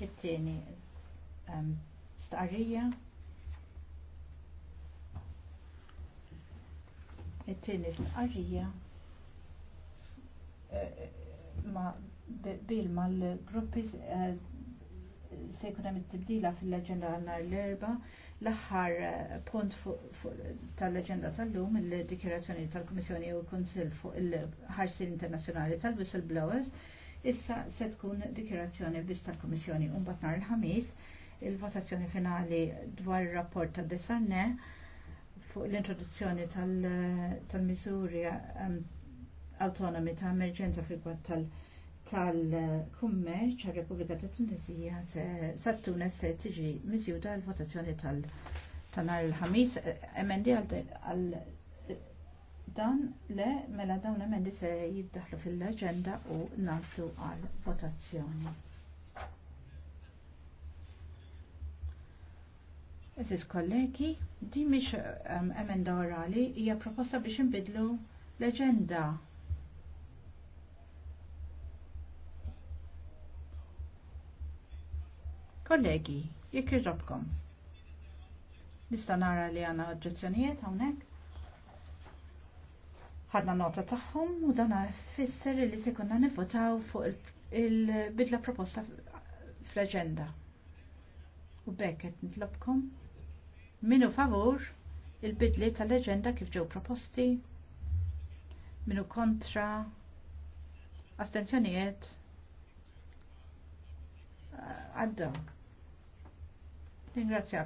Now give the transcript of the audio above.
it-tieni ehm, starrija it-tieni starrija eh, eh, ma bil mal-gruppi eh, se jkun hemm tibdila fil-leġenda għanna l-erba l-aħħar punt tal-leġenda tal-lum il dikirazzjoni tal-Kummissjoni u l-Kunsill fuq il-ħarsin internazzjonali tal-whistleblowers Issa se tkun dikjerazzjoni biss tal-Kummissjoni un bat nhar il-ħamis il-votazzjoni finali dwar ir-rapport ta' Desarne fuq l-introduzzjoni tal-miżuri ehm, autonomi ta' emerġenza fil-kwatt tal- tal-kummerċ għal Repubblika ta' Tunisija se Tunis se tiġi miżjuda l-votazzjoni tal-nar il-ħamis emendi għal Dan le mela dawn emendi se jiddaħlu fil-leġenda u nagħtu għal votazzjoni. Eżis kollegi, di miex um, emenda orali hija proposta biex nbidlu l-eġenda Kollegi, jekk irrobkom. Nista' nara li għandna oġġezzjonijiet hawnhekk? ħadna nota tagħhom u dan fisser li se konna nivvotaw fuq il-bidla proposta fl agenda U bekket qed nitlobkom minu favur il-bidli tal agenda kif ġew proposti, minu kontra astenzjonijiet għadda. Ringrazzjak.